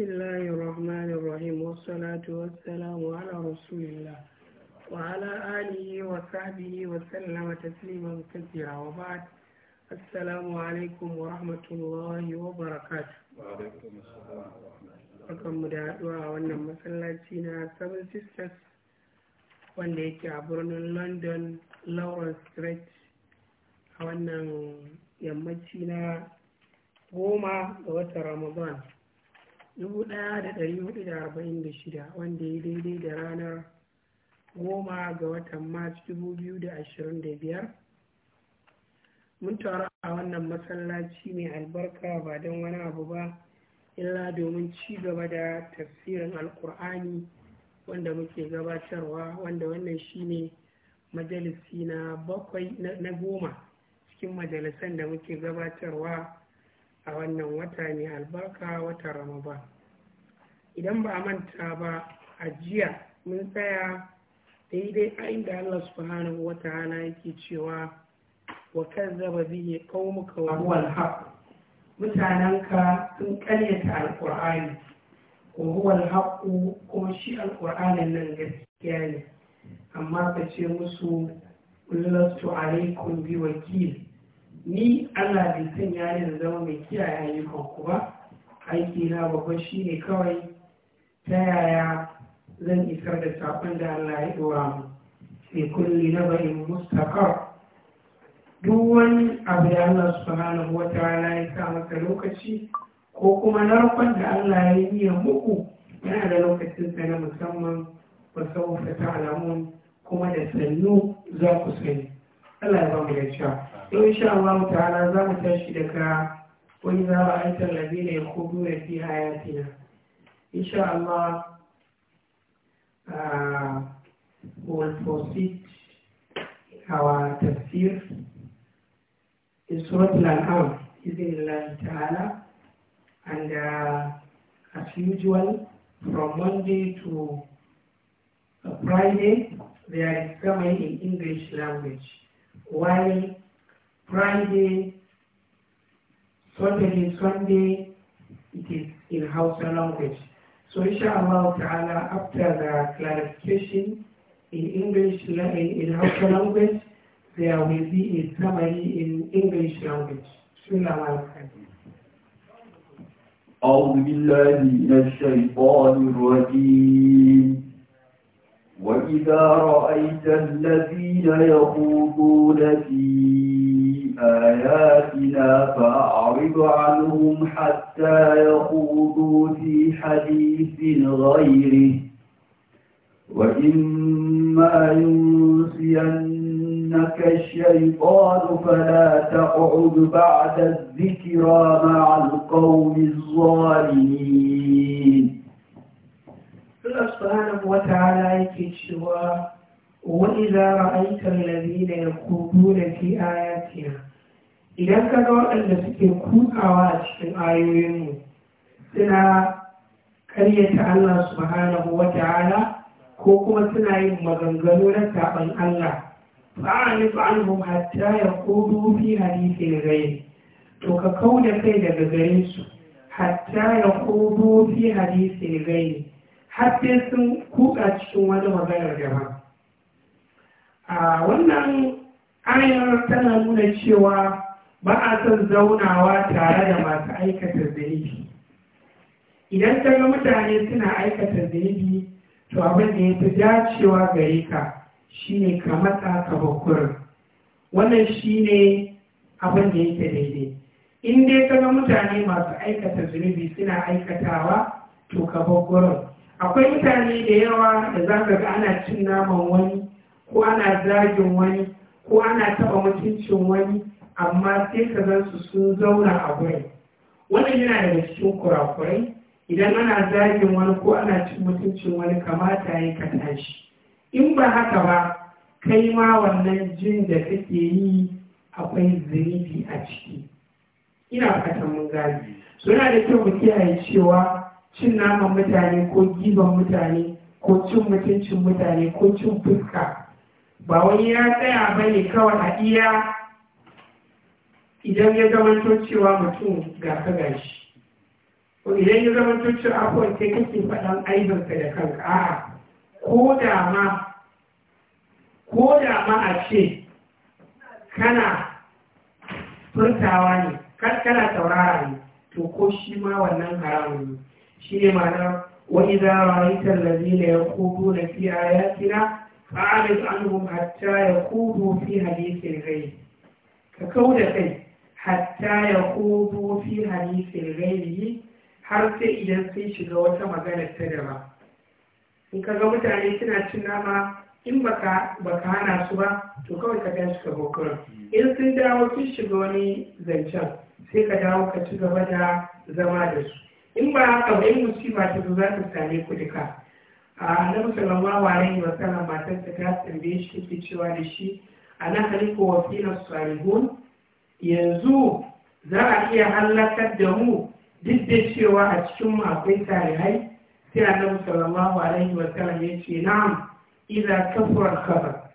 الله الرحمن الرحيم والصلاة والسلام على رسول الله وعلى آله وصحبه وسلم تسليما كثيرا وبعد السلام عليكم ورحمة الله وبركاته وعليكم السلام ورحمة الله barkanmu da haɗuwa wannan masallaci na seven sisters wanda yake a birnin london lawrence street a wannan yammaci na goma ga watan ramadan 1446 wanda ya daidai da ranar goma ga watan mars 2025 mun taru a wannan masallaci mai albarka ba don wani abu ba illa domin ci gaba da tafsirin alkur'ani wanda muke gabatarwa wanda wannan shine majalisi na bakwai na goma cikin majalisan da muke gabatarwa a wannan wata ne albarka wata ramadan idan ba a manta ba a jiya mun tsaya daidai a inda Allah subhanahu wa ta'ala yake cewa wa kazzaba bihi qaumuka wa huwa al-haq mutananka sun karyata alqur'ani wa huwa al kuma shi alqur'anin nan gaskiya ne amma ka ce musu lastu alaikum bi wakil ni Allah bai sanya ni da zama mai kiyaye ayyukan ku ba aiki na babban shi ne kawai ta yaya zan isar da saƙon da Allah ya ɗora mu sai kulli na bari mustaqar duk wani abu da Allah subhanahu wa ta'ala ya sa masa lokaci ko kuma na narkon da Allah ya yi muku yana da lokacin sa na musamman ba sau ta'alamun kuma da sannu za ku sani Allah ya ba mu dacewa yau insha Allah ta'ala za mu tashi daga wani za zaba aita labina ya kudu ya fi hayatina insha Allah uh, will proceed our tafsir in Surah Al-An'am izin Allah ta'ala and uh, as usual from Monday to uh, Friday they are coming in English language while Friday, Saturday, Sunday, it is in Hausa language. So inshallah ta'ala, after the clarification in English, in Hausa language, there will be a summary in English language. أعوذ بالله من الشيطان الرجيم وإذا رأيت الذين يخوضون في آياتنا فأعرض عنهم حتى يخوضوا في حديث غيره وإما ينسينك الشيطان فلا تقعد بعد الذكرى مع القوم الظالمين Allah subhanahu wa ta'ala yake cewa wa idza ra'aita alladhina yaquduna fi ayatina idan ka ga waɗanda suke kukawa a cikin ayoyinmu suna karyata Allah subhanahu wa ta'ala ko kuma suna yin maganganu na saɓan Allah fa'ani fa'anhum hatta yaqudu fi hadithin ghayri to ka kauda kai daga gare su hatta yaqudu fi hadithin ghayri har sai sun kuka cikin wani maganar gaba a wannan ayar tana nuna cewa ba a son zaunawa tare da masu aikata zunubi idan kaga mutane suna aikata zunubi to abin da ya fi dacewa gare ka shine ka matsa ka bakwai. wannan shine abin da yake daidai in dai kaga mutane masu aikata zunubi suna aikatawa to ka bakwai. akwai mutane da yawa da za ka ga ana cin naman wani ko ana zagin wani ko ana taɓa mutuncin wani amma sai ka za su sun zauna a gurin wannan yana daga cikin kurakurai idan ana zagin wani ko ana cin mutuncin wani kamata ya yi ka tashi in ba haka ba kai ma wannan jin da kake yi akwai zunubi a ciki ina fatan mun gane suna da kyau mu kiyaye cewa cin naman mutane ko giban mutane ko cin mutuncin mutane ko cin fuska ba wani ya tsaya ba ne kawai a iya idan ya zamanto cewa mutum ga ka gashi idan ya zamanto cewa akwai sai kake faɗan aibinsa da kanka a ko da ko da ma a ce kana furtawa ne kana taurara ne to ko shi ma wannan haramun ne shi ne ma'ana wa idza ya kudu na fi ayatina fa'rid anhum hatta kudu fi hadithin rai ka kauda kai hatta kudu fi hadithin yi har sai idan sun shiga wata magana ta dama. in ka ga mutane suna cin nama in ba ka hana su ba to kawai ka tashi ka bokura in sun dawo sun shiga wani zancen sai ka dawo ka ci gaba da zama da su in ba haka ba in ba ta zo za ta same ku duka a nan sallallahu yi wa sallam matar ta ta tambaye shi ke cewa da shi a hali ko wa fina salihun yanzu za a iya hallakar da mu duk da cewa a cikin mu akwai tarihai. sai a annabi sallallahu yi wa sallam ya ce na'am idza kafuwar kafa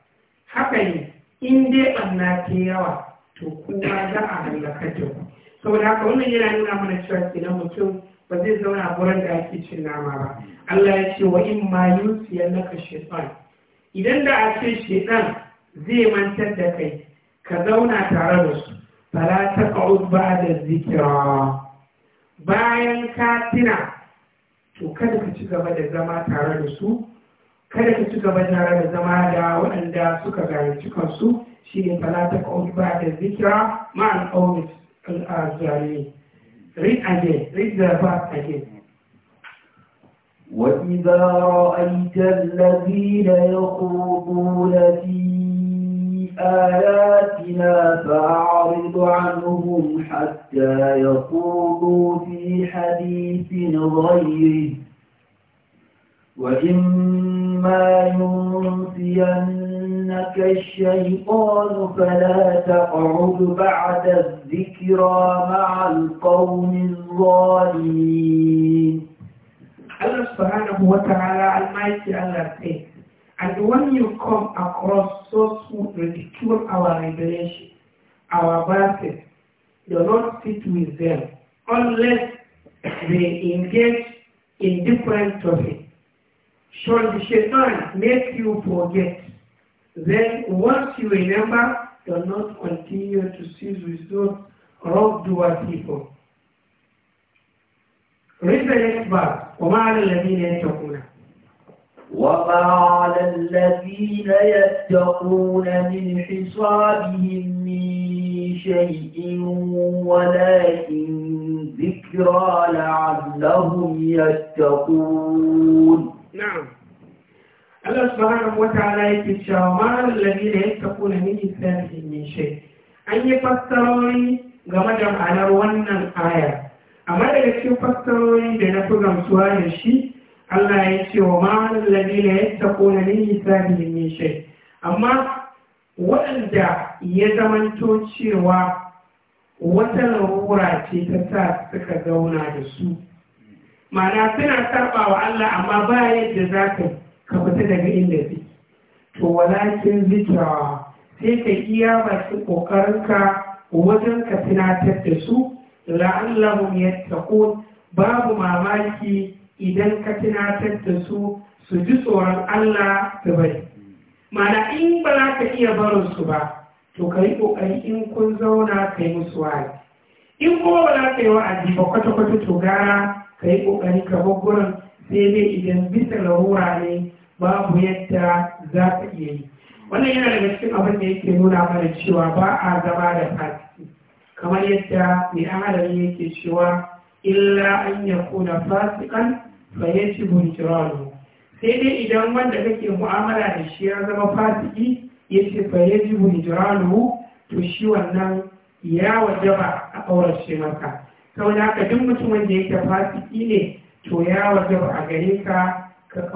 haka ne in dai anna ta yawa to kuma za a hallakar da ku saboda haka wannan yana nuna mana cewa kenan mutum ba zai zauna wurin da ake cin nama ba Allah ya ce wa in ma ya naka shaitan idan da a ce shaitan zai mantar da kai ka zauna tare da su ta fala ba da zikira. bayan ka tuna to kada ka ci gaba da zama tare da su kada ka ci gaba tare da zama da waɗanda suka garanci kansu shi ne fala ta ba'da ba da zikira ma'an ƙaunis al'azari. وَإِذَا رَأَيْتَ الَّذِينَ يَخُوضُونَ فِي آيَاتِنَا فَأَعْرِضْ عَنْهُمْ حَتَّى يَخُوضُوا فِي حَدِيثٍ غَيْرِهِ وَإِمَّا يُنْسِيَنَّ ينسينك الشيطان فلا تقعد بعد الذكرى مع القوم الظالمين Allah subhanahu wa ta'ala almighty Allah says and when you come across those who ridicule our revelation our verses do not sit with them unless they engage in different topics shall the shaitan make you forget Then once you remember, do not continue to cease with those wrongdoer people. Read the next verse. وما على الذين يتقون وما على الذين يتقون من حصابهم من شيء ولكن ذكرى لعلهم يتقون نعم Allah subhanahu wa ta'ala yake cewa marar lalle da yake kuna min sai min an yi fassarori game da ma'anar wannan aya amma daga cikin fassarori da na fi gamsuwa da shi Allah ya ce wa marar lalle da yake kuna min sai min shay amma waɗanda ya zamanto cewa wata larura ce ta sa suka zauna da su ma'ana suna saɓawa Allah amma ba yadda za ka yi ka fita daga inda fi to walakin zikira sai ka iya masu ƙoƙarinka wajen ka tunatar da su ya ko babu mamaki idan ka tunatar da su su ji tsoron Allah da bari mana in ba za ka iya barin su ba to ka yi ƙoƙari in kun zauna ka yi musu wa'azi in kuma ba za ka yi wa'azi ba kwata-kwata to gara ka yi ƙoƙari ka bar gurin sai dai idan bisa larura ne babu yadda za ka iya yi wannan yana daga cikin abin da yake nuna mana cewa ba a zama da fasiki kamar yadda mai adam yake cewa illa an ya kuna fasikan fa ya ci sai dai idan wanda kake mu'amala da shi ya zama fasiki ya ce fa ya to shi wannan ya wajaba a shi maka da haka duk mutumin da yake fasiki ne to ya wajaba a gare ka read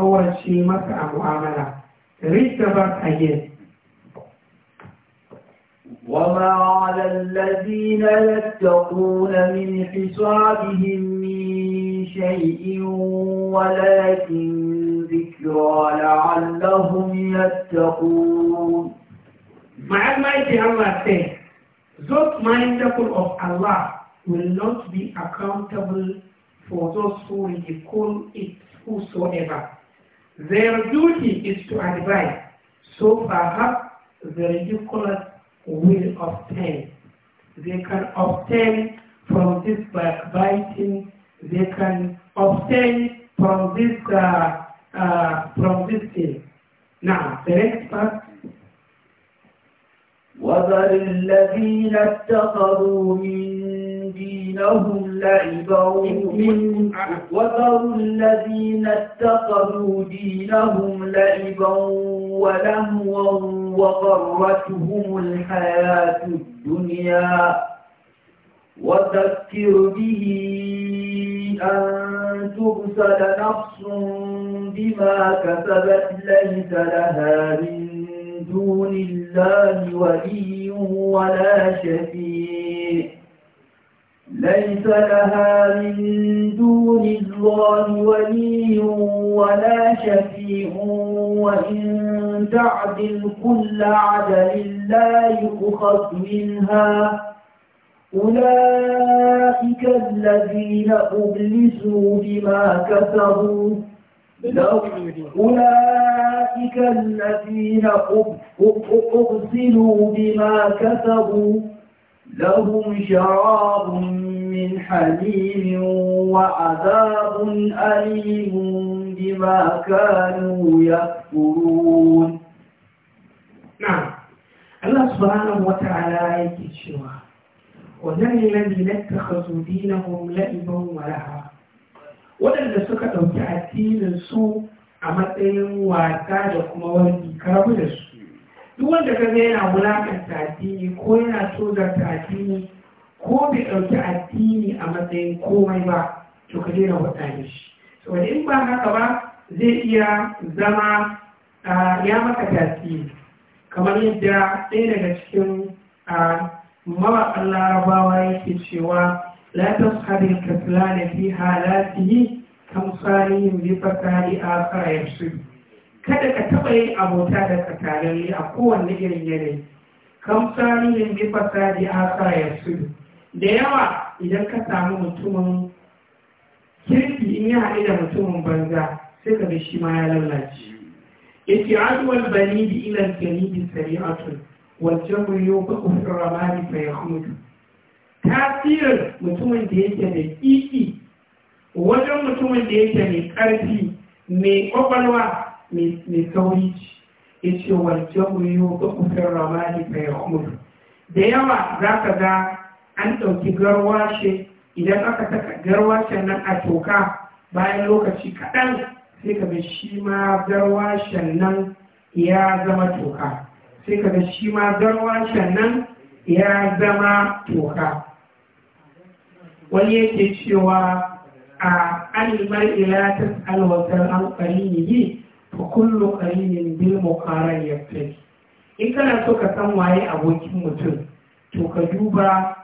the again وما على الذين يتقون من حسابهم من شيء ولكن ذكرى لعلهم يتقون مع ما يجي الله says those mindful of Allah will not be accountable for those who ridicule it whosoever. Their duty is to advise, so perhaps the ridiculous will obtain. They can obtain from this backbiting, they can obtain from this uh, uh, from this thing. Now, the next part. وَذَرِ الَّذِينَ اتَّخَذُوا مِن دينهم لعبا وذروا الذين اتخذوا دينهم لعبا ولهوا وغرتهم الحياة الدنيا وذكر به أن تبسل نفس بما كسبت ليس لها من دون الله ولي ولا شفيع ليس لها من دون الله ولي ولا شفيع وإن تعدل كل عدل لا يؤخذ منها أولئك الذين أبلسوا بما كسبوا أولئك الذين أبسلوا بما كسبوا لهم شراب من حليم وعذاب أليم بما كانوا يكفرون نعم الله سبحانه وتعالى يكشوا وذن الذين اتخذوا دينهم لئبا ولها وذن suka ɗauki السوء su a matsayin wasa da duk wanda ka ga yana wulakanta addini ko yana tozarta addini ko bai ɗauki addini a matsayin komai ba to ka daina hulɗa da shi saboda in ba haka ba zai iya zama ya maka tasiri kamar yadda ɗaya daga cikin mawaƙan larabawa yake cewa la tashabil kaslana fi halatihi kamsalihim bi fasadi akhara yafsidu kada ka taɓa yin abota da katararri a kowanne irin yanayi kam samiyin bi fasadi aka ya su da yawa idan ka samu mutumin kirki in yi haɗe da mutumin banza sai ka ga shi ma ya lalace yake aduwal bani bi ilan kanidi sari'atun wajen muryo yi wa fi ramani fa ya hudu tasirin mutumin da yake da kiki wajen mutumin da yake mai ƙarfi mai ƙwaƙwalwa mai sauri ya ce wancan wuyo ga kufin ramani mai umar da yawa za ka ga an ɗauki garwashe idan aka saka garwashen nan a toka bayan lokaci kaɗan sai ka ga shi ma garwashen nan ya zama toka sai ka shi ma garwashen nan ya zama toka wani yake cewa a animar ila ta alwatar an yi kullu qarinin bil muqaran yaftadi in kana so ka san waye abokin mutum to ka duba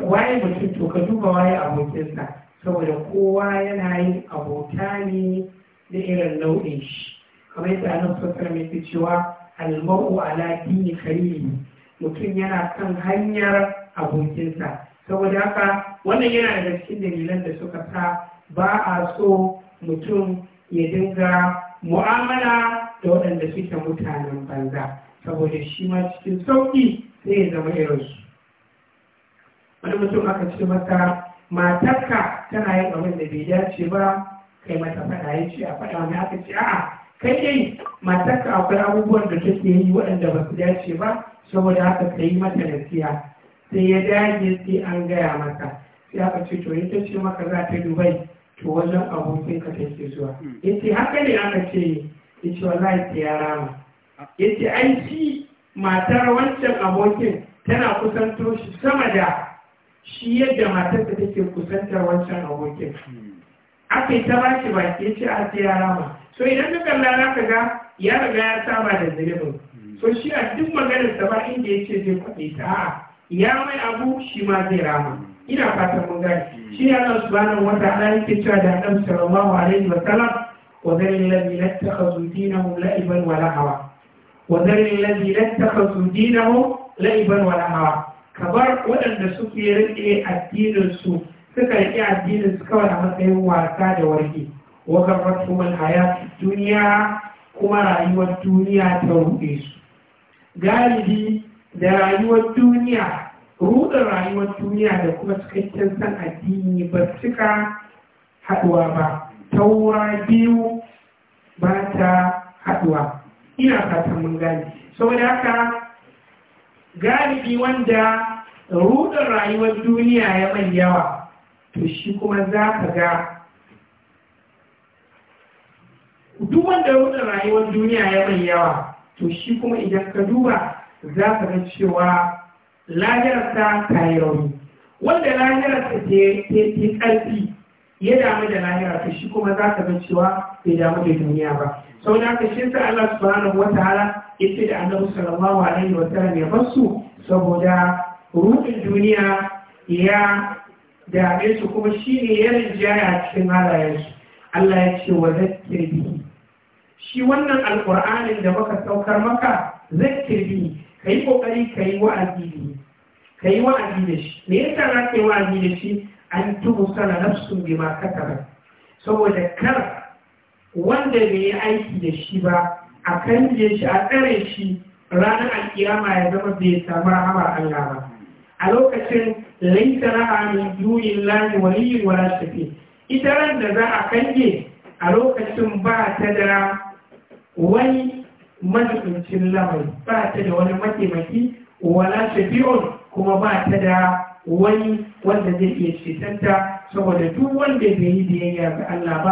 waye mutum to ka duba waye abokinsa saboda kowa yana yin abota ne da irin nau'in shi kamar yadda annabi sallallahu mai cewa al-mar'u ala dini khalili mutum yana kan hanyar abokinsa saboda haka wannan yana da cikin dalilan da suka sa ba a so mutum ya dinga mu'amala da waɗanda suke mutanen banza saboda shi ma cikin sauƙi sai ya zama irinsu wani mutum aka ce masa matarka tana yin abin da bai dace ba kai mata faɗa ya ce a faɗa wani aka ce a'a kai dai matarka akwai abubuwan da take yi waɗanda ba su dace ba saboda haka ka yi mata nasiya sai ya dage sai an gaya mata sai aka ce to ita ce maka za ta dubai to wajen abokin ka take zuwa hmm. yace haka ne aka ce yace wallahi ta ya rama yace ai shi matar wancan abokin tana kusanto shi sama da shi yadda matar ta take kusantar wancan abokin hmm. aka yi ta ba shi baki yace a ta ya rama so idan ka kalla za ka ga ya riga ya saba da zunubin hmm. so shi a duk maganar sa ba inda yace zai kwaɗe ta a'a ya mai abu shi ma zai rama ina fatan mun gane shi ne Allah subhanahu wa ta'ala yake cewa da Annabi sallallahu alaihi wa sallam wa dhal ladhi ittakhadhu dinahum la'iban wa lahawa wa dhal ladhi ittakhadhu dinahum la'iban wa lahawa kabar waɗanda suke rike addinin su suka rike addinin su kawai a matsayin wasa da warke wa garratu mal hayat duniya kuma rayuwar duniya ta rufe su galibi da rayuwar duniya rudar rayuwar duniya da kuma cikakken san addini ba cika haɗuwa ba taura biyu ba ta haɗuwa ina fatan mun gane saboda haka galibi wanda ruɗin rayuwar duniya ya mai yawa to shi kuma za ka ga duk wanda ruɗin rayuwar duniya ya mai yawa to shi kuma idan ka duba za ka ga cewa lahirarsa ta yi rauni wanda lahirarsa ke ƙarfi ya damu da lahirarsa shi kuma za ka ga cewa bai damu da duniya ba sau da haka shi sa Allah subhanahu wa ta'ala yace da Annabi sallallahu alaihi wa sallam ya su, saboda ruɗin duniya ya dame su kuma shi ne ya rinjaya a cikin halayensu Allah ya ce wa zakkir bihi shi wannan alƙur'anin da muka saukar maka zakkir bihi ka yi ƙoƙari ka yi wa'azi ne ka yi wa'azi da shi me sa za ka yi wa'azi da shi an tubu sana nafsu bi ma kasaba saboda kar wanda bai yi aiki da shi ba a kan shi a tsare shi ranar alkiyama ya zama bai samu rahama Allah ba a lokacin laisa raha min dunin lahi waliyin wala shafi ita ran da za a kange a lokacin ba ta da wani majibincin lamari ba ta da wani mataimaki wala shafi'un kuma ba ta da wani wanda zai iya cetanta saboda duk wanda bai yi biyayya ga Allah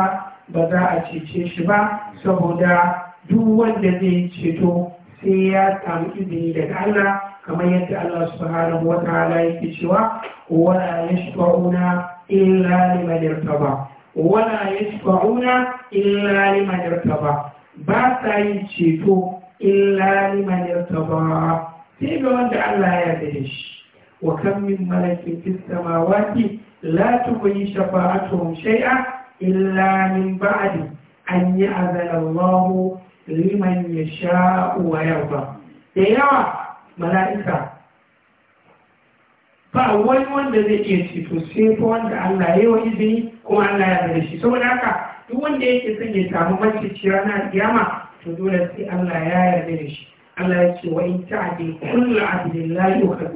ba ba za a cece shi ba saboda duk wanda zai yi ceto sai ya samu izini daga Allah kamar yadda Allah subhanahu wa ta'ala yake cewa wala yashfa'una illa liman irtaba wala yashfa'una illa liman ba sa yin ceto illa liman yartaba sai ga wanda Allah ya yarda shi wa kam min malakin fis samawati la tughni shafa'atuhum shay'a illa min ba'di an ya'zana Allah liman yasha'u wa yarda da yawa mala'ika ba wani wanda zai iya ceto sai fa wanda Allah ya yi wa izini kuma Allah ya yarda shi saboda haka duk wanda yake son ya samu macici ranar kiyama to dole sai Allah ya yarda da shi Allah ya ce wa in ta'di kullu abdin la yukhad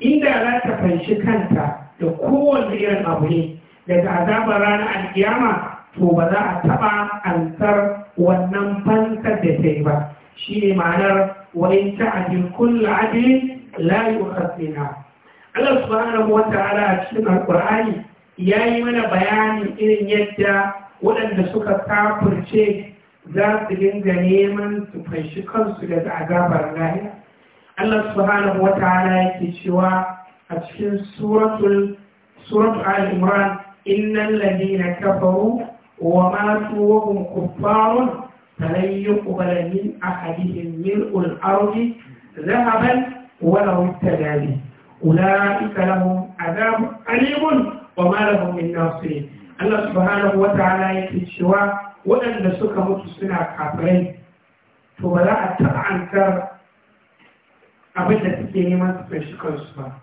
inda za ta fanshi kanta da kowanne irin abu ne daga azabar ranar alkiyama to ba za a taba ansar wannan fansar da ta yi ba shi ne ma'anar wa in ta'di kullu abdin la yukhad Allah subhanahu wa ta'ala a cikin alqur'ani yayi mana bayanin irin yadda waɗanda suka kafirce za su dinga neman su fanshi kansu daga azabar lahira Allah subhanahu wa ta'ala yake cewa a cikin suratul suratul al-imran innal ladina kafaru wa matu wa hum kuffarun falan yuqbala min ahadihim mil'ul ardi dhahaban wa law ittadabi ulaika lahum adhabun alimun wa ma lahum min nasirin Allah subhanahu wa ta'ala yake cewa waɗanda suka mutu suna kafirai to ba za a taɓa an kar abin da suke neman su shi kansu ba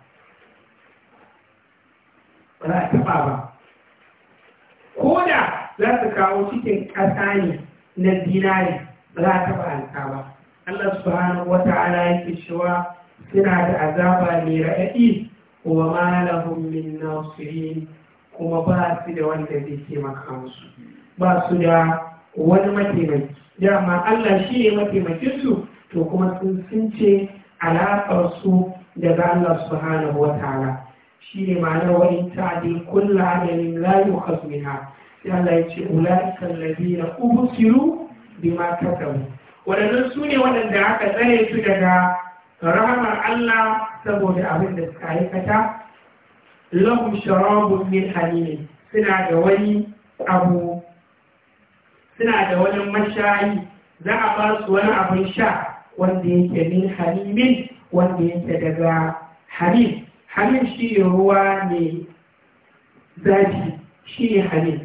ba za a taɓa ba ko da za su kawo cikin ƙasa ne na dinari ba za a taɓa halka ba Allah subhanahu wa ta'ala yake cewa suna da azaba mai raɗaɗi wa ma lahum min nasirin kuma ba su da wanda zai taimaka musu ba su da wani mataimaki dama Allah shi ne mataimakinsu to kuma sun sun ce da daga Allah subhanahu wa ta'ala shi ne ma'anar wani ta'adi kulla adalin la yukhaz minha sai Allah ya ce ulaika alladhina ubsiru bima kasabu waɗannan su ne waɗanda aka tsare su daga rahamar Allah saboda abin da suka aikata lahum sharabun min hamim suna da wani abu suna da wani mashayi za a ba su wani abin sha wanda yake min hamimin wanda yake daga hamim hamim shi ne ruwa ne zafi shi ne hamim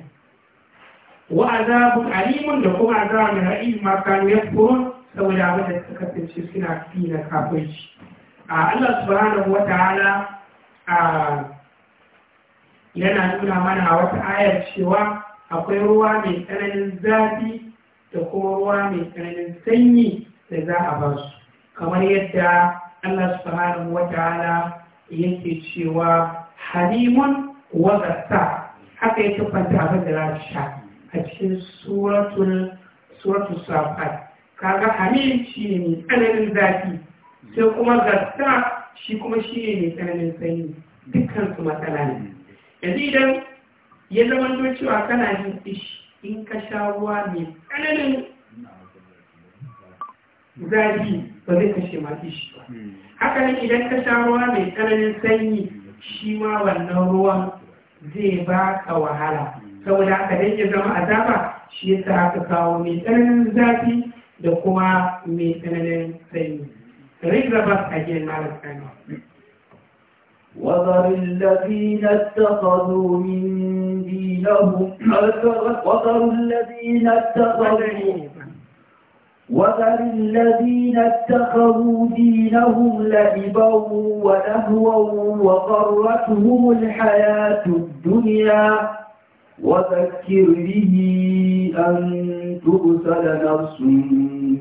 wa azabun alimun da kuma azabun ra'il ma ya yakfurun saboda abin da suka kasance suna fi na A Allah subhanahu wa ta'ala yana nuna mana a wata ayar cewa akwai ruwa mai tsananin zafi da kuma ruwa mai tsananin sanyi da za a ba su kamar yadda Allah subhanahu wa ta'ala yake cewa harimun wa gasa haka ya tuffanta abin da za su sha a cikin suratul suratul safat kaga hamim shi ne mai tsananin zafi sai kuma gasa shi kuma shi ne mai tsananin sanyi dukkan su matsala ne yanzu idan ya zama cewa kana jin ishi in ka sha ruwa mai tsananin zafi ba zai kashe ma ishi ba haka nan idan ka sha ruwa mai tsananin sanyi shi ma wannan ruwan zai ba ka wahala saboda haka dan ya zama azaba shi yasa aka kawo mai tsananin zafi da kuma mai tsananin sanyi. Rai a gina malam وذر الذين اتخذوا من دينهم وذر الذين اتخذوا وذر الذين اتخذوا دينهم لعبا ولهوا وغرتهم الحياة الدنيا وذكر به أن تبسل نفس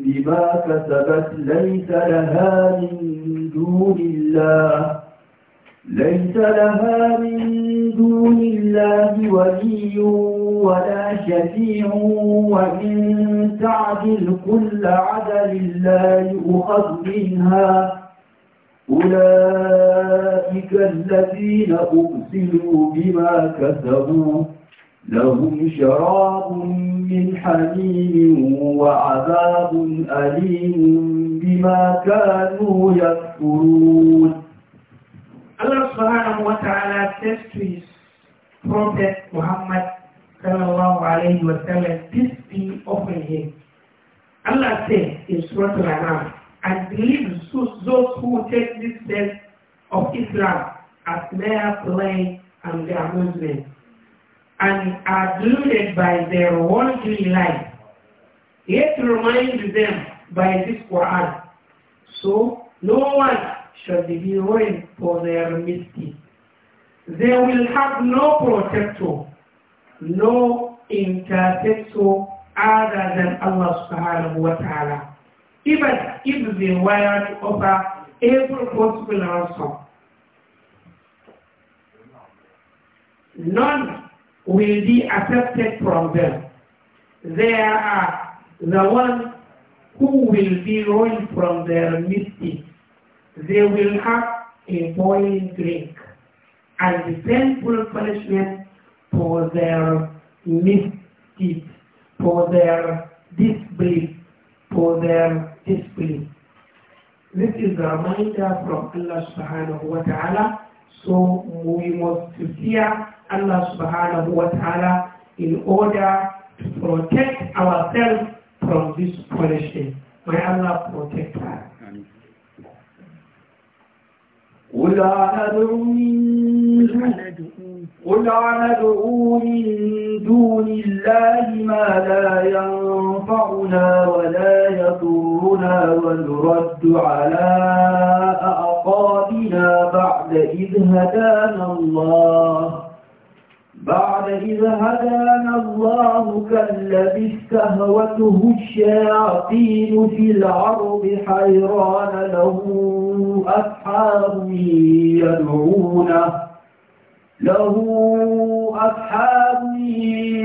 بما كسبت ليس لها من دون الله ليس لها من دون الله ولي ولا شفيع وإن تعدل كل عدل لا يؤخذ منها أولئك الذين أبسلوا بما كسبوا لهم شراب من حميم وعذاب أليم بما كانوا يكفرون Allah subhanahu wa ta'ala says to his Prophet Muhammad sallallahu alayhi wa sallam, "This be upon him. Allah says in Surah Al-Anam, and believe those who take this step of Islam as mere play and their amusement, and are deluded by their worldly life. Yet remind them by this Quran. So no one shall be ruined for their misdeeds. They will have no protector, no intercessor other than Allah subhanahu wa ta'ala. Even if they were to offer every possible ransom, none will be accepted from them. They are the ones who will be ruined from their misdeeds they will have a boiling drink and the painful punishment for their misdeeds, for their disbelief, for their disbelief. This is a reminder from Allah subhanahu wa ta'ala. So we must fear Allah subhanahu wa ta'ala in order to protect ourselves from this punishment. May Allah protect us. قل أندعو قل أندعو من دون الله ما لا ينفعنا ولا يضرنا ونرد على أعقابنا بعد إذ هدانا الله بعد إذ هدانا الله كالذي استهوته الشياطين في العرض حيران له أصحاب يدعونه له أصحاب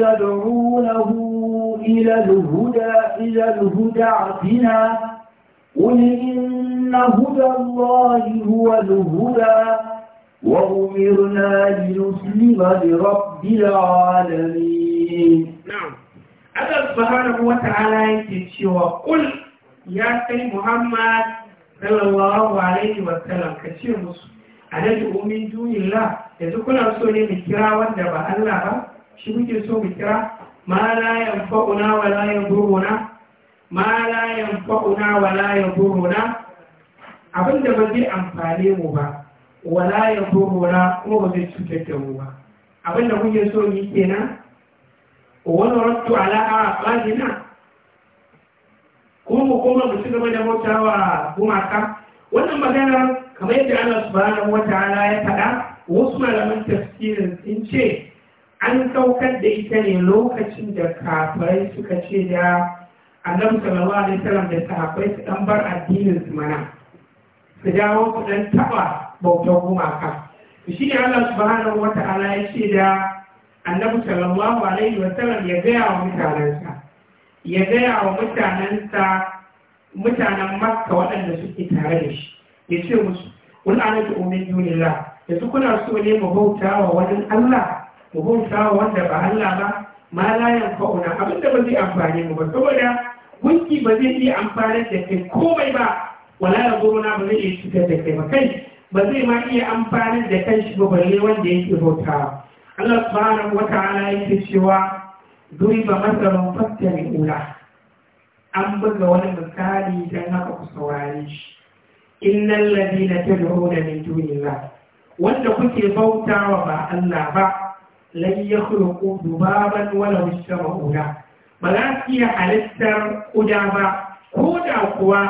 يدعونه إلى الهدى إلى الهدى اعتنا قل إن هدى الله هو الهدى وأمرنا لنسلم لرب العالمين نعم Allah subhanahu wa ta'ala yake cewa kul ya kai Muhammad sallallahu alaihi wa sallam ka ce musu alaihi yanzu kuna so ne mu kira wanda ba Allah ba shi muke so mu kira ma la yanfa'una wa la yaduruna ma la yanfa'una wa la yaduruna abinda ba zai amfane mu ba wala ya na kuma ba zai cutar da mu ba abinda kuke so yi kenan wani rattu ala a ɓazina kuma mu koma mu gaba da mota wa gumaka wannan magana kamar yadda ana wata na ya faɗa wasu malaman tafsirin sun ce an saukar da ita ne lokacin da kafirai suka ce da annabi sallallahu alaihi wasallam da sahabbai su dan bar addinin su mana su dawo su dan taba bautar gumaka shi ne Allah subhanahu wa ta'ala ya ce da annabi sallallahu alaihi wa sallam ya gaya wa mutanensa ya gaya wa mutanensa mutanen makka waɗanda suke tare da shi ya ce musu wani ana ta umin da yanzu kuna so ne mu bauta wa wani Allah mu bauta wa wanda ba Allah ba ma layan fa'una abinda ba zai amfani mu ba saboda gunki ba zai iya amfani da kai komai ba wala ya na ba zai iya cutar da kai ba kai ba zai ma iya amfani da kan ba balle wanda yake bauta. Allah subhanahu wa ta'ala yake cewa duriba masalan fastami ula an buga wani misali dan haka ku saurare shi innal ladina tad'una min dunillah wanda kuke bautawa ba Allah ba lan yakhluqu dubaban walau istama'una ba za su iya halittar kuda ba ko kuwa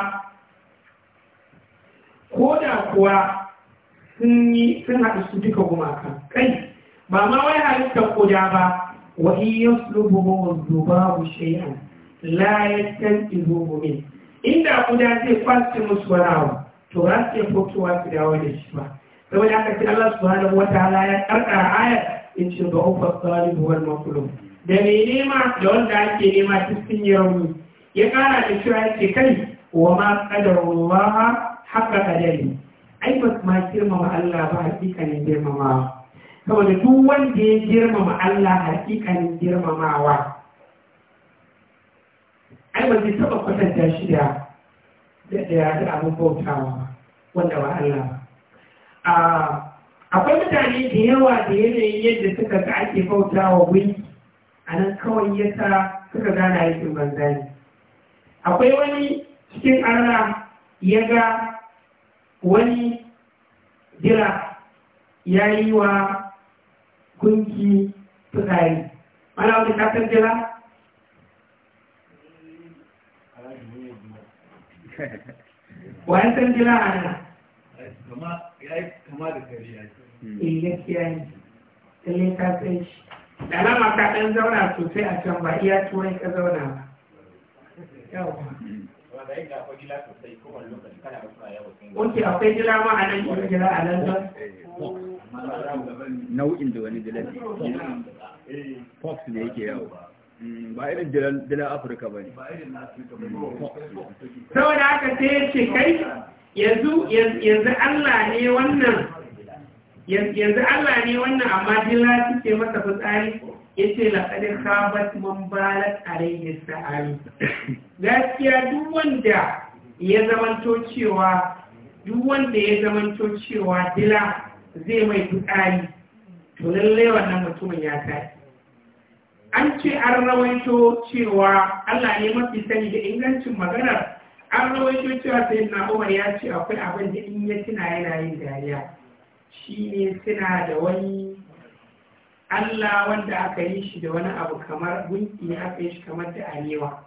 ko da kuwa sun yi sun haɗu su duka gumaka kai ba ma wai halittar koda ba wa in yaslubu mu zubabu shay'an la yastanqizu min inda koda zai kwace musu warawa to za su iya wa su dawo da shi ba saboda haka sai Allah subhanahu wataala ya karkara ayar in ce ba ufa salihu wal maqlub da ne nema da wanda ake nema cikin yarauni ya kara da cewa yake kai wa ma qadarullah haqqa qadari ai ba ma girmama Allah ba hakikanin girmamawa saboda duk wanda ya girmama Allah hakikanin girmamawa ai ba zai taɓa kwatanta shi da da abin bautawa wanda ba Allah ba akwai mutane da yawa da yanayin yadda suka ga ake bautawa gunki a nan kawai ya sa suka gana aikin banza akwai wani cikin Allah ya ga wani jira ya yi wa gunki fitsari mana wani kasar jira wani jira a nan ya yi kama da gari ya eh, gaskiya ne tsalle ka sai ɗan zauna sosai a can ba iya turai ka zauna ba Oke, akwai jira ma a nan yi jira a nan Nau'in da wani Fox ne yake yawo. Ba hmm, irin jira Afirka ba ne. Hmm, Saboda haka sai ya ce kai yanzu Allah ne wannan yanzu Allah ne wannan amma gila suke masa fitsari. yace laqad khabat man balat alayhi sa'al gaskiya duk wanda ya zamanto cewa duk wanda ya zamanto cewa dila zai mai tsari, to lallai wannan mutumin ya kai an ce an rawaito cewa Allah ne mafi sani da ingancin maganar an rawaito cewa sai na Umar ya ce akwai abin da in ya tuna yana yin dariya shi ne suna da wani Allah wanda aka yi shi da wani abu kamar gunki ne aka yi shi kamar da alewa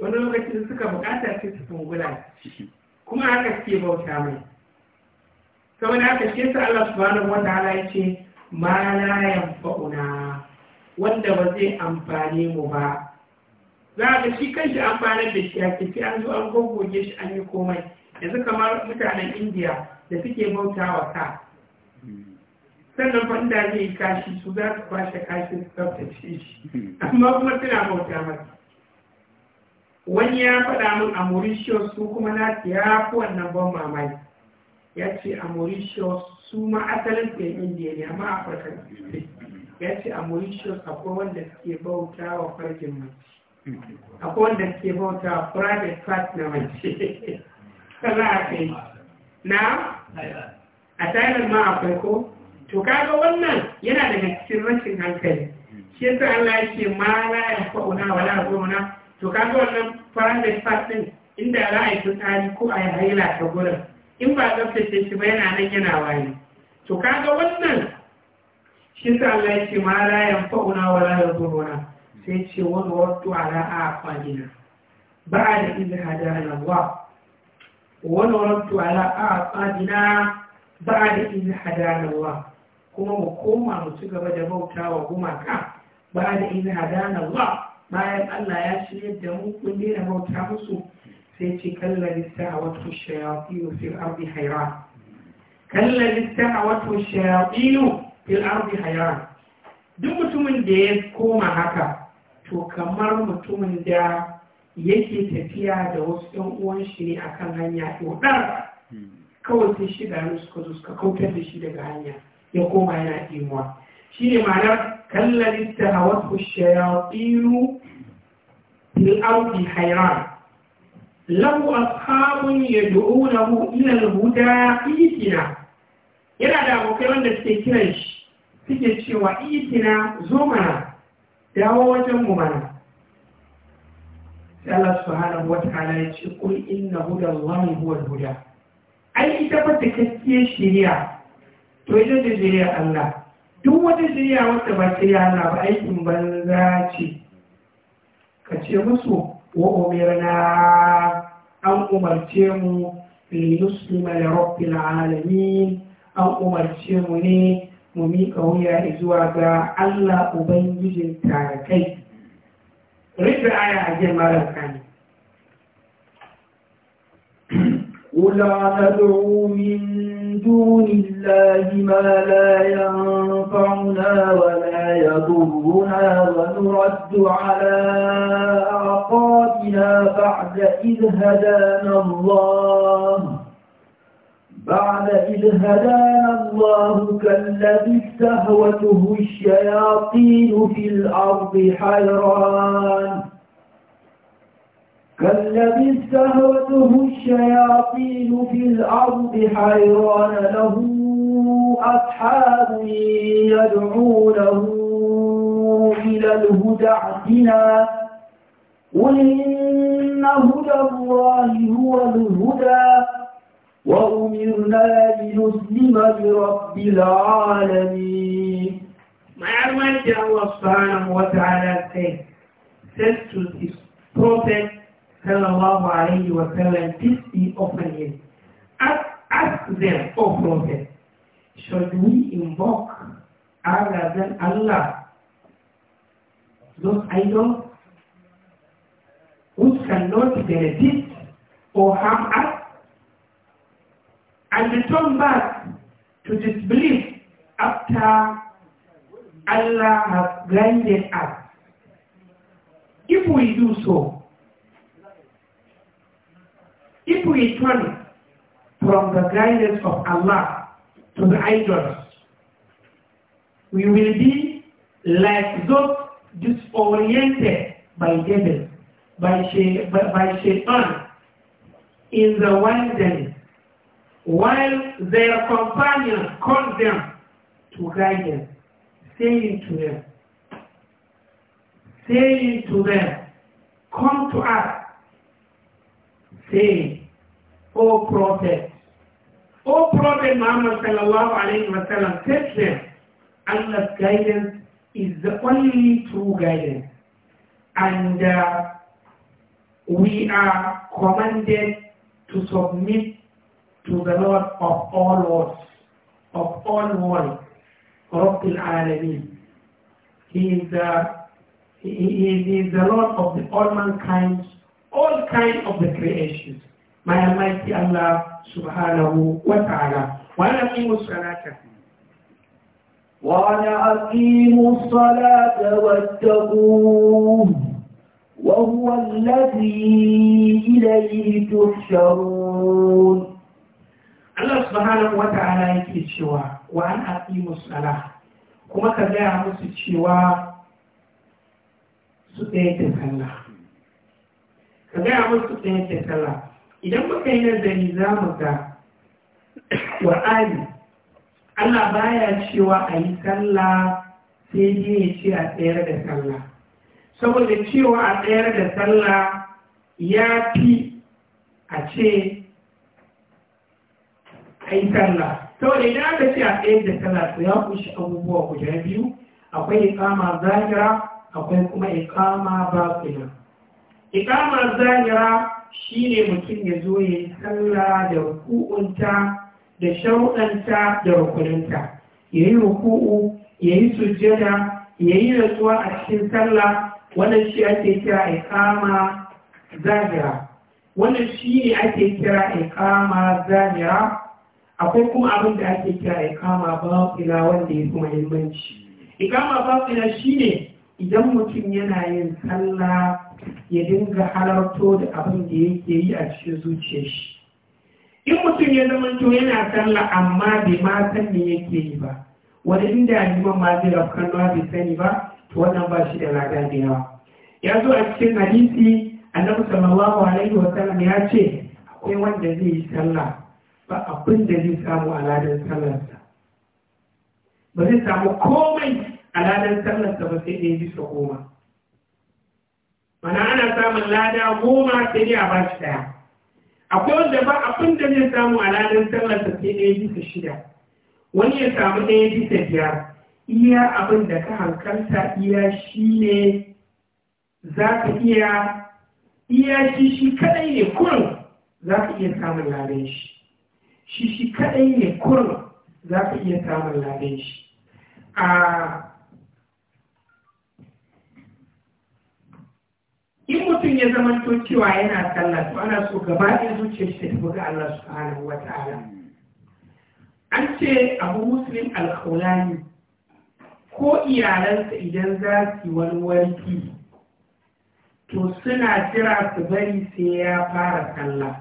wani lokacin suka bukata sai su fungula kuma haka suke bauta mai saboda haka shi yasa Allah subhanahu wa ta'ala ya ce ma la yanfa'una wanda ba zai amfane mu ba za ga shi shi amfanar da shi a sai an zo an goggoge shi an yi komai yanzu kamar mutanen Indiya da suke bauta wa ka sannan banda ne kashi su za su ba kashi su tsaftace shi hmm. amma kuma suna bauta masa wani ya faɗa min a mauritius su kuma na ya fi wannan ban mamaki ya ce a mauritius su ma asalin ɗin indiya ne amma afirka ya ce a mauritius akwai wanda suke bauta wa farjin mace akwai wanda suke bauta wa private part na mace kaza a kai na a thailand ma akwai ko to kaga wannan yana daga cikin rashin hankali shi yasa Allah yake ma la ya fa'una wala la to kaga wannan private part din inda za a yi ko a yi haila ta gurin in ba tsaftace shi ba yana nan yana waye to kaga wannan shi sa Allah yake ma la ya fa'una wala la sai ce wani wato ala a kwanina ba a da izhada Allah wani wato ala a kwanina ba a da izhada Allah kuma mu koma mu ci gaba da bauta wa gumaka ba da ina hadana Allah bayan Allah ya shirya da mu kun daina bauta musu sai ce kallon istahawatu shayatinu fil ardi hayran kallon istahawatu shayatinu fil ardi hayran duk mutumin da ya koma haka to kamar mutumin da yake tafiya da wasu ɗan uwan shi ne akan hanya to kawai sai shi da suka zo suka kautar da shi daga hanya ya koma yana imuwa shi ne ma'anar kallon ta hawa shayatinu fil ardi hayran lahu ashabun yad'unahu ila al-huda itina yana da abokai wanda suke kiran shi suke cewa itina zo mana dawo wajen mu mana sai Allah subhanahu wataala ya ce kul inna hudallahi huwal huda ai ita fa cikakkiyar shari'a to ita ce shirya Allah duk wata shirya wata ba yi ana ba aikin banza ce ka ce musu wa umirna an umarce mu li nuslima li rabbil alamin an umarce mu ne mu miƙa wuya zuwa ga Allah ubangijin tarakai rufe aya a jin marar kani قل ندعو من دون الله ما لا ينفعنا ولا يضرنا ونرد على أعقابنا بعد إذ هدانا الله بعد إذ هدانا الله كالذي استهوته الشياطين في الأرض حيران كالذي استهوته الشياطين في الأرض حيران له أصحاب يدعونه إلى الهدى اعتنا قل إن هدى الله هو الهدى وأمرنا لنسلم لرب العالمين ما يعلم الله سبحانه وتعالى سيد to سيد prophet sallallahu alayhi wa sallam, this he often is. Ask, ask them, O oh Prophet, should we invoke other than Allah those idols which cannot benefit or harm us? And return back to disbelief after Allah has blinded us. If we do so, If we turn from the guidance of Allah to the idols, we will be like those disoriented by devil, by, she, by, shaitan in the wilderness, while their companions called them to guidance, saying to them, saying to them, come to us, saying, O Prophet. O Prophet Muhammad sallallahu alayhi wa sallam, tell them Allah's guidance is the only true guidance. And uh, we are commanded to submit to the Lord of all worlds, of all worlds, Rabbil Alameen. He is the he is the Lord of the all mankind, all kinds of the creations. mahimmanci Allah subhanahu wa ta'ala wannan qimu salata wa ana aqimu salata wattaquhu wa huwa alladhi ilayhi tuhsharun Allah subhanahu wa ta'ala yake cewa wa ana aqimu salata kuma ka gaya musu cewa su ɗaya ta sallah ka gaya musu ɗaya ta sallah idan muka yi nazari za mu ga ƙwa'ani Allah baya cewa a yi sallah sai dai ya ce a tsayar da sallah saboda cewa a tsayar da sallah ya fi a ce a yi sallah saboda idan aka ce a tsayar da sallah to ya kunshi abubuwa guda biyu akwai ikama zahira akwai kuma ikama batina ikama zahira shi ne mutum ya zo ya yi sallah da ruku'unta da shauɗanta da rukuninta ya yi ruku'u ya yi sujjada ya yi rasuwa a cikin sallah wannan shi ake kira kama zagira wannan shi ne ake kira kama zagira akwai kuma abin da ake kira ikama Bafila wanda ya fi muhimmanci ikama Bafila shi ne idan mutum yana yin sallah ya dinga halarto da abin da yake yi a cikin zuciyar shi in mutum ya zama to yana sallah amma bai ma san me yake yi ba wani inda liman ma zai rafkan bai sani ba to wannan ba shi da lada da yawa ya zo a cikin hadisi annabi sallallahu alaihi wa sallam ya ce akwai wanda zai yi sallah ba abin da zai samu a ladan sallarsa ba zai samu komai a ladan sallarsa ba sai da ya ji goma mana ana samun lada goma sai dai a ba shi ɗaya akwai wanda ba abin da zai samu a ladan ta sai ɗaya bisa shida wani ya samu ɗaya bisa biyar iya abin da ka hankalta iya shi ne za ka iya iya shi shi kaɗai ne kurin za ka iya samun ladan shi shi shi kaɗai ne kurin za ka iya samun ladan shi a in mutum ya zama cewa yana sallah to ana so gaba ɗaya zuce shi ta tafi ga Allah subhanahu wa ta'ala an ce abu muslim alkaulani ko iyalansa idan za su wani warki to suna jira su bari sai ya fara sallah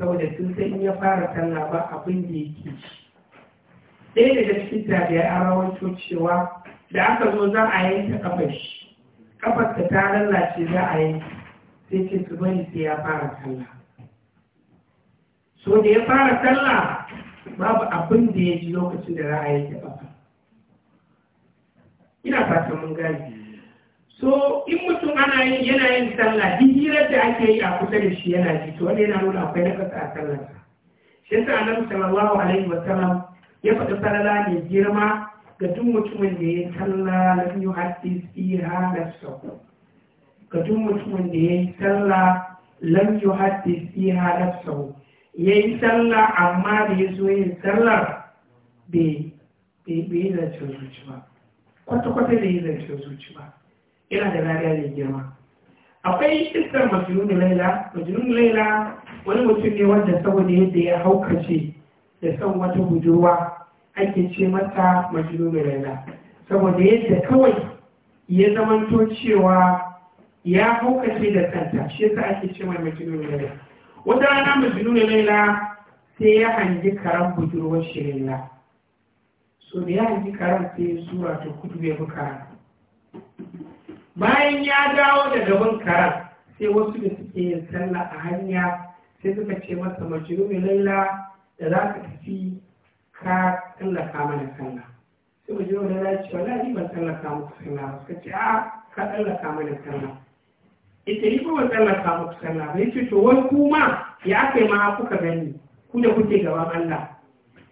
saboda sun san in ya fara sallah ba abin da yake ci ɗaya daga cikin ya rawaito cewa da aka zo za a yanke kafar shi kafar ta ta lallace za a yi sai ce su bari sai ya fara sallah so da ya fara sallah babu abin da ya ji lokacin da za a yi ta ina fatan mun gani so in mutum ana yin yana yin sallah hirar da ake yi a kusa da shi yana ji to wanda yana nuna akwai na kasa a sallarsa shi yasa annabi sallallahu alaihi wasallam ya faɗi salala mai girma ga tun mutumin da ya talla lam yuhaddis fiha nafsahu ga tun mutumin da ya yi talla lam yuhaddis fiha ya yi talla amma da ya zo yin tallar bai bai bai zance zuci ba kwata kwata da yi zance zuci ba ina da lada da girma akwai iskar majnun laila majnun laila wani mutum ne wanda saboda yadda ya haukace da san wata budurwa ake ce mata mai saboda yadda kawai ya zamanto cewa ya haukace da kanta shi yasa ake ce mai majnunul wata rana mai sai ya hangi karan budurwar shirilla so da ya hangi karan sai ya zuwa ta kudu ya bi karan bayan ya dawo da gaban karan sai wasu da suke yin sallah a hanya sai suka ce masa mai da za ka tafi ka tallaka mana sallah sai mu ji wani zai ce wallahi ban tallaka muku sallah ba suka ce a ka tallaka mana sallah ita yi kuma tsallaka muku sallah bai ce to wai kuma ya aka yi ma kuka gani ku da kuke gaban Allah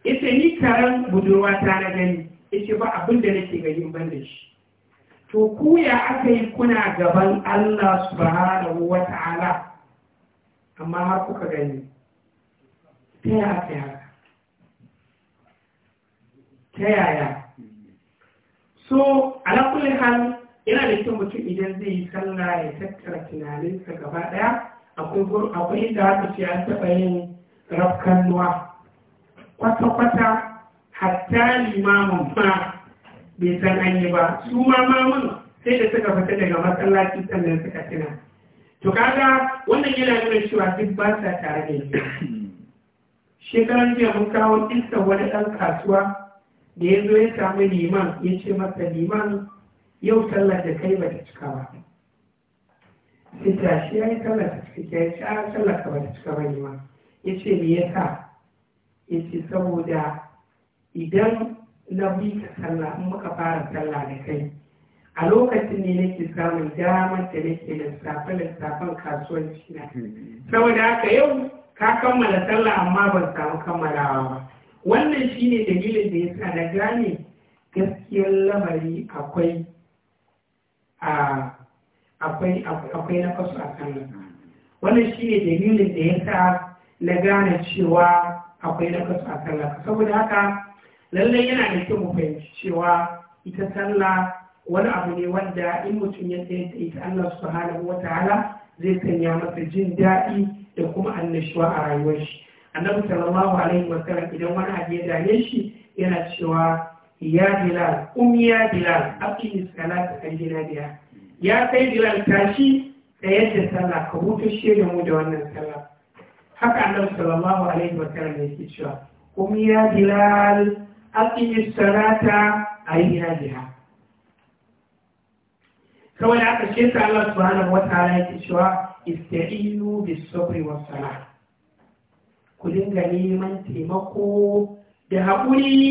ita ni karen budurwa ta na gani ita ba abin da nake gani ban da shi to ku ya aka yi kuna gaban Allah subhanahu wa ta'ala amma har kuka gani ta ya yi haka ta yaya so ala hal yana da kyau mutum idan zai yi sallah ya tattara tunaninsa gaba daya akwai akwai da aka ce an taɓa yin rafkan kwata-kwata hatta limamin ma bai san an yi ba su ma mamun sai da suka fita daga masallaci sannan suka tuna to kaga wannan yana nuna cewa duk ba sa tare da shi shekaran jiya mun kawo isa wani ɗan kasuwa da ya zo ya samu liman ya ce masa liman yau sallar da kai ba ta cika ba sai ta shi ya yi sallar ta cika ya ce a sallar ka ba ta cika ba liman ya ce me yasa ya ce saboda idan na bi ka sallah in muka fara sallah da kai a lokacin ne nake samun damar da nake lissafe lissafen kasuwanci na hmm. saboda haka yau ka kammala sallah amma ban samu kammalawa ba wannan shine dalilin da ya sa na gane gaskiyar lamari akwai akwai na kasu a kan wannan shine dalilin da ya sa na gane cewa akwai na kasu a kan saboda haka lallai yana da kyau mu fahimci cewa ita sallah wani abu ne wanda in mutum ya tsaye da ita Allah subhanahu wa ta'ala zai sanya masa jin daɗi da kuma annashuwa a rayuwar shi annabi sallallahu alaihi wasallam idan wani abu ya dame shi yana cewa ya bilal um ya bilal aqimi salata an gina biya ya kai bilal tashi da yadda sallah ka hutu shi da mu da wannan sallah haka annabi sallallahu alaihi wasallam yake cewa um ya bilal aqimi salata an gina biya kawai aka ce ta Allah subhanahu wa ta'ala yake cewa istainu bis sabri was salah ku dinga neman taimako da haƙuri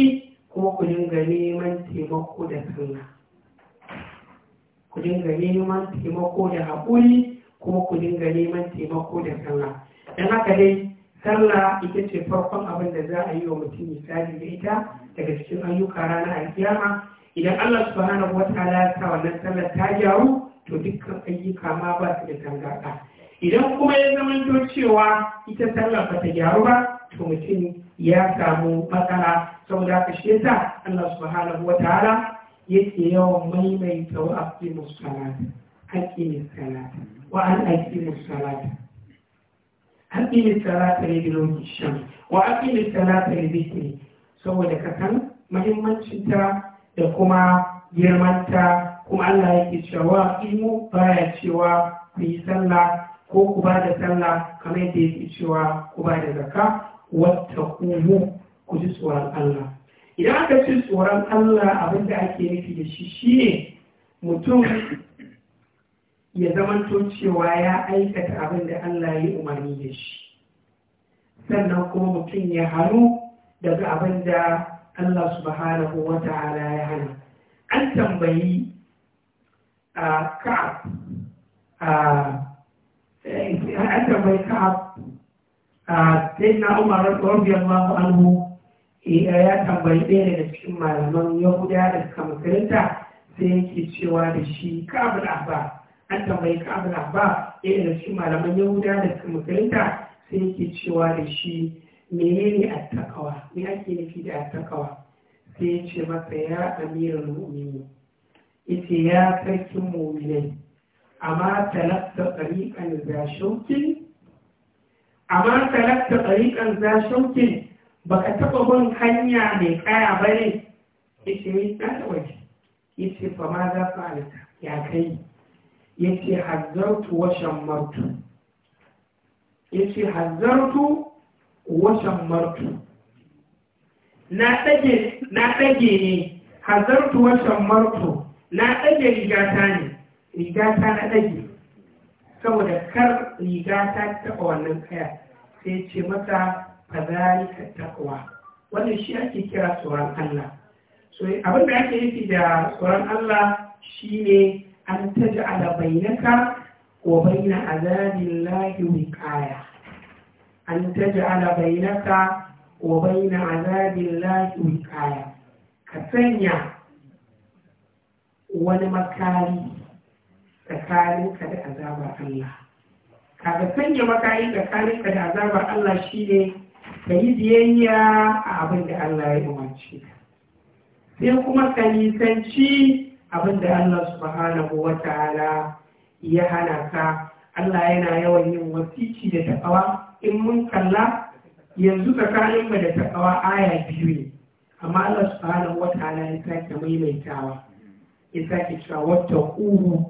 kuma ku dinga neman taimako da sunna ku dinga neman taimako da haƙuri kuma ku dinga neman taimako da don haka dai sallah ita ce farkon abin da za a yi wa mutum misali da ita daga cikin ayyuka ranar alkiyama idan Allah subhanahu wa ta'ala ya sa wannan sallar ta gyaru to dukkan ayyuka ma ba su da tangarɗa idan kuma ya zama cewa ita sallar ba ta gyaru ba to mutum ya samu matsala saboda ka shi yasa Allah subhanahu wa ta'ala yake yawan maimaita wa aqimu salata aqimu salata wa an aqimu salata aqimu salata ne da shan wa aqimu salata ne biki saboda ka san muhimmancin ta da kuma girmanta kuma Allah yake cewa aqimu baya cewa ku yi sallah ko ku ba da sallah kamar yadda yake cewa ku ba da zakka wata kuma ku ji tsoron Allah idan aka ci tsoron Allah abin da ake nufi da shi shi ne mutum ya zamanto cewa ya aikata abin da Allah ya umarni da shi sannan kuma mutum ya haru daga abin da Allah subhanahu wa ta'ala ya hana an tambayi a ah, ka a ah, an tambayi ka sai na umar rabiyar mafi alhu ya tambayi ɗaya daga cikin malaman yahudawa da suka makaranta sai yake cewa da shi kabul abba an tambayi kabul abba ɗaya daga cikin malaman yahudawa da suka makaranta sai yake cewa da shi menene attakawa me ake nufi da attakawa sai ya ce masa ya amiral mu'mini yace ya sarkin mu'minai amma talakta tariqan za shaukin amma talakta tariqan za shaukin baka taba bin hanya mai ƙaya ba ne ita yi ɗaya waje ita fa ma za fa'alta ya kai ya yace hazzartu martu ya ce hazzartu washen martu na ɗage ne hazartu washen martu na ɗage rigata ne riga ta na ɗage saboda kar riga ta taɓa wannan kaya sai ce mata ka taɓa wannan shi ake kira tsoron Allah so abin da ake nufi da tsoron Allah shi ne an taj'ala bainaka wa baina azabillahi kaya an taj'ala bainaka wa baina azabillahi kaya ka sanya wani makari tsakaninka da azabar Allah kaga sanya makayi tsakaninka da azabar Allah shi ne ka yi biyayya a abin da Allah ya umarci ka sai kuma ka nisanci abin da Allah subhanahu wa ta'ala ya hana ka Allah yana yawan yin wasiki da taɓawa in mun kalla yanzu tsakaninmu da taɓawa aya biyu ne amma Allah subhanahu wa ta'ala ya sake maimaitawa ya sake cewa wata ƙuru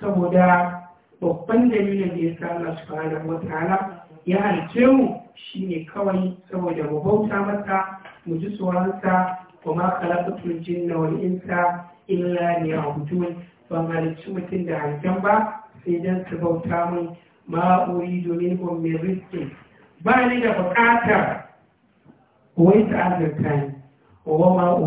saboda babban dalilin da ya sa Allah subhanahu wata ya halice mu shi ne kawai saboda mu bauta masa mu ji tsoronsa kuma jin jinna wani insa illa liya'budun ban halicci mutum da hankan ba sai dan su bauta mun ma'auri domin minhum riske. ba ni da buƙatar wai ta azurta ni wa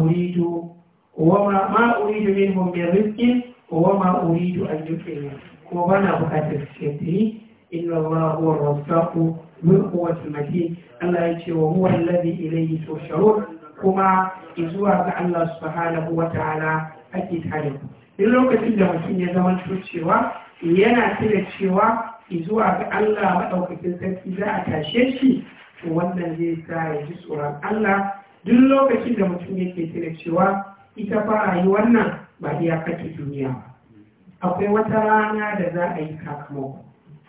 ma'auri domin wa riske? wa ma uridu an yuqima kuma bana bukatar sai inna Allah huwa razzaqu min quwwatil matin Allah ya ce wa huwa yi ilayhi tusharun kuma izuwa ga Allah subhanahu wa ta'ala ake tare duk lokacin da mutum ya zama cewa yana tuna cewa izuwa ga Allah maɗaukacin sarki za a tashe shi to wannan zai sa ya ji tsoron Allah duk lokacin da mutum yake tuna cewa ita fa a yi wannan ba kake duniya akwai wata rana da za a yi sakamako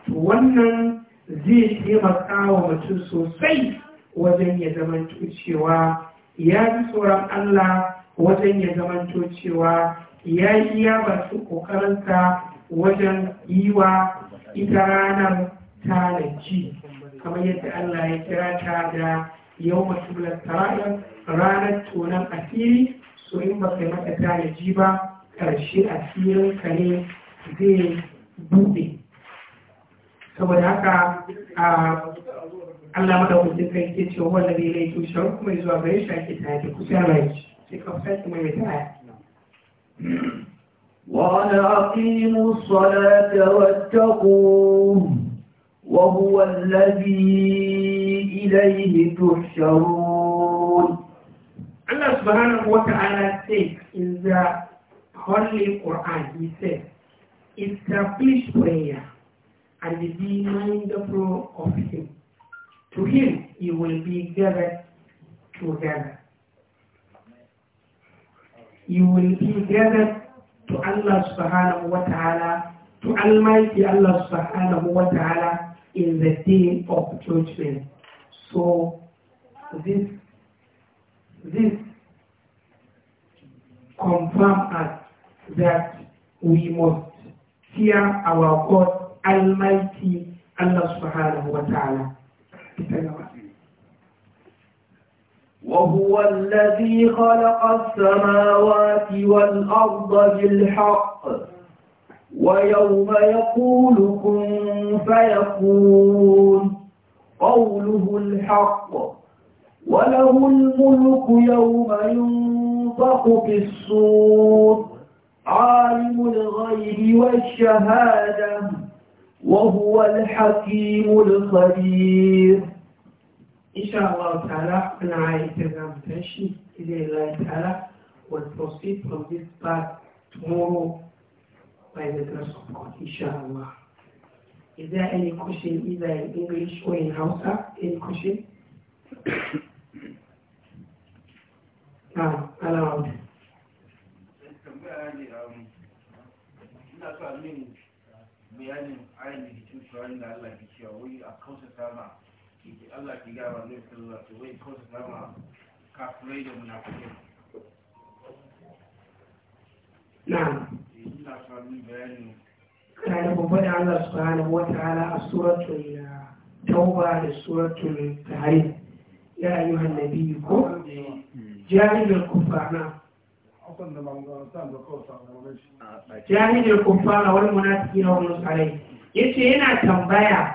to wannan zai taimaka wa mutum sosai wajen ya zamanto cewa ya ji tsoron Allah wajen ya zamanto cewa ya yi ya ba su ƙoƙarinsa wajen yi wa ita ranar tanaji kamar yadda Allah ya kira ta da yau masu ranar tonon asiri so in ba kai masa tanaji ba karshe a ka ne zai buɗe saboda haka Allah madaukakin kai ke cewa wanda bai laifin shan kuma zuwa gare shi ake tanaji kusa yana yi sai ka fusa ki mai tanaji وأن أقيموا الصلاة واتقوه وهو الذي إليه تحشرون Allah subhanahu wa ta'ala says in the Holy Quran, He says, establish prayer and be mindful of Him. To Him you will be gathered together. You will be gathered to Allah subhanahu wa ta'ala, to Almighty Allah subhanahu wa ta'ala in the day of judgment. So this This confirms us that we must fear our God Almighty Allah subhanahu wa ta'ala. وهو الذي خلق السماوات والأرض بالحق ويوم يقول كن فيكون قوله الحق وله الملك يوم ينفق في الصور عالم الغيب والشهادة وهو الحكيم الخبير إن شاء آية الله تعالى أنا عايزة نعم تنشي إذا الله تعالى والبروسيد from this part tomorrow by the grace of God إن شاء الله Is there any question either in English or in Hausa? Any question? na alama ina bayanin da cikin da Allah ke cewa wai a sama Allah sama da ina a min bayanin kana babban Allah subhanahu a suratul uh, tauba da suratul tahrim ya ayyuhan ko jahilin kufana jahilin kufana wani munafiki na wani alai yace yana tambaya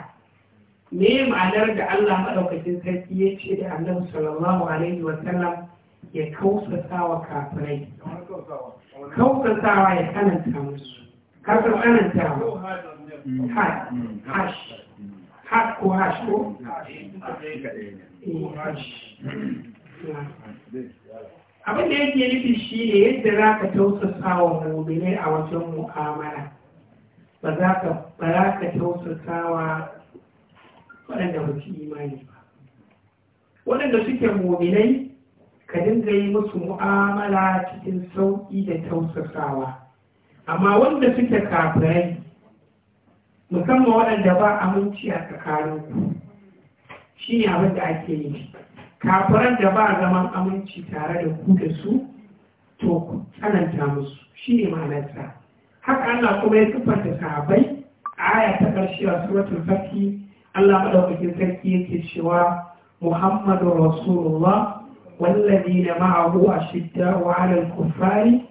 me ma'anar da Allah madaukakin sarki ya ce da Annabi sallallahu alaihi wa sallam ya wa kafirai kausasawa ya tsananta musu kasar tsananta hash hash ko hash ko hash eh, abin da yake nufi shi ne yadda za ka tausasa wa a wajen mu'amala ba za ka tausasa wa waɗanda ba su imani ba waɗanda suke muminai ka dinga yi musu mu'amala cikin sauƙi da tausasawa amma wanda suke kafirai musamman waɗanda ba aminci a tsakaninku shi ne abin da ake yi kafaran da ba zaman aminci tare da ku da su to ku tsananta musu shi ne ma'anarsa haka allah kuma ya siffanta sahabai a aya ta ƙarshe a suratul fakki allah maɗaukakin sarki yake cewa muhammadu rasulullah wallazi na ma'ahu a shidda wa halin kufari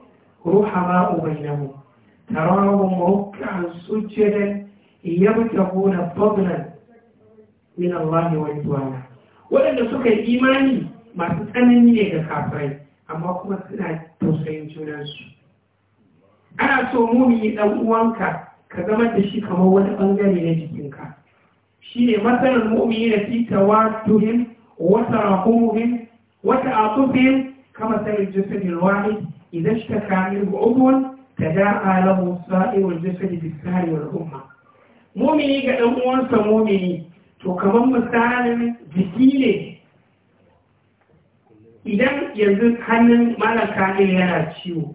ruhama ubainahu tarawun rukkan sujjadan yabtahuna fadlan min allahi wa ridwana waɗanda suka yi imani masu tsanani ne ga kafirai amma kuma suna tausayin junansu ana so mumini ɗan uwanka ka zama da shi kamar wani bangare na jikinka shi ne matsalar yi da wa tuhin wata rahumuhin wata atufin kama sanin jisadin wahid idan shi ta kamil ba'udun ta da alamu sa'irin jisadin bisari wal umma mumini ga ɗan uwansa mumini to kamar misalin jiki ne idan yanzu hannun malaka ne yana ciwo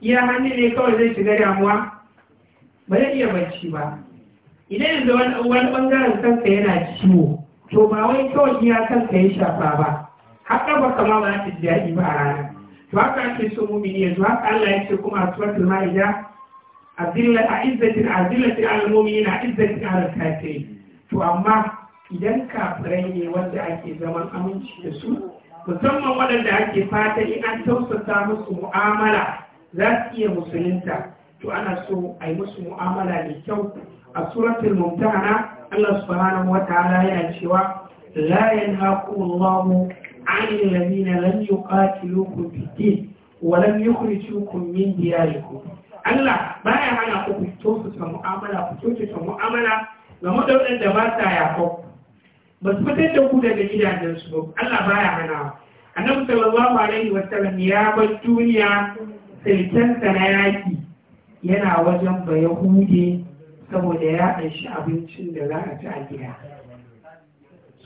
iya hannun ne kawai zai shiga damuwa ba zai iya bacci ba idan yanzu wani ɓangaren kanka yana ciwo to ba wai kawai iya kanka ya shafa ba haka ba kama ba ta daɗi ba a rana to haka ake so mumini yanzu haka Allah ya ce kuma a suratul ma'ida azilla a izzatin azillatin al yana izzatin al-kafirin to amma idan kafirai ne wanda ake zaman aminci da su musamman waɗanda ake fata in an tausasa musu mu'amala za su iya musulunta to ana so a yi musu mu'amala mai kyau a suratul mumtana Allah subhanahu wa ta'ala yana cewa la yanhaqu Allahu 'anil ladina lam yuqatilukum fi din wa lam yukhrijukum min diyarikum Allah baya hana ku tausasa mu'amala ku kyautata mu'amala ga da ba sa yaƙo ba su fitar da ku daga gidajensu ba Allah baya hanawa annabi sallallahu alaihi wasallam ya bar duniya saitansa na yaki yana wajen ba hude saboda ya shi abincin da za a ci a gida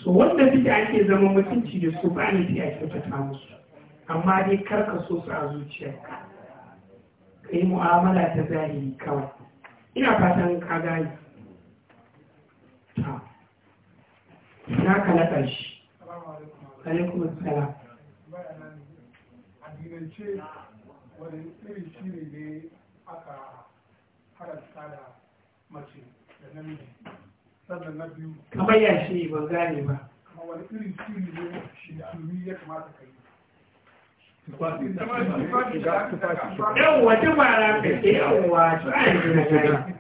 so wanda suke ake zama mutunci da su ba ne a kyautata musu amma dai kar ka so su a zuciyarka ka yi mu'amala ta zahiri kawai ina fatan ka gani na ka na ƙarshe alaikum assalam addinance wani shi ne ne aka harasta da mace da namiji sannan na biyu kamar ya shi ba gane ba kamar wani iri shi ne shi ya kamata ka yi ce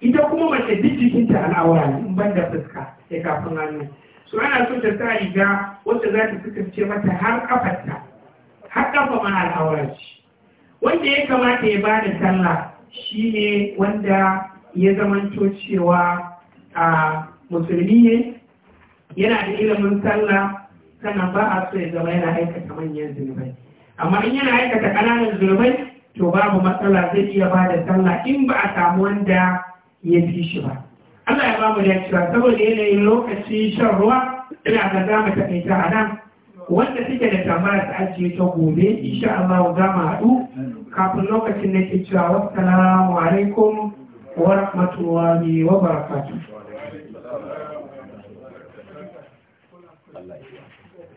ita kuma mace duk ta al'aura ne in ban da fuska sai kafin hannu su ana so ta sa riga wacce za ta kasance mata har kafarta har kafa ma al'aura ce wanda ya kamata ya ba da sallah shine wanda ya zamanto cewa a musulmi ne yana da ilimin sallah sannan ba a so ya zama yana aikata manyan zunubai amma in yana aikata ƙananan zunubai to babu matsala zai iya ba da sallah in ba a samu wanda ya fi shi ba Allah ya bamu da cewa saboda yanayin lokaci shan ruwa ina ga za mu taƙaita a nan wanda suke da tambaya ta ajiye ta gobe insha Allah za mu haɗu kafin lokacin da ke cewa wassalamu alaikum wa rahmatullahi wa barakatuh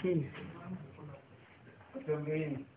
Thank you.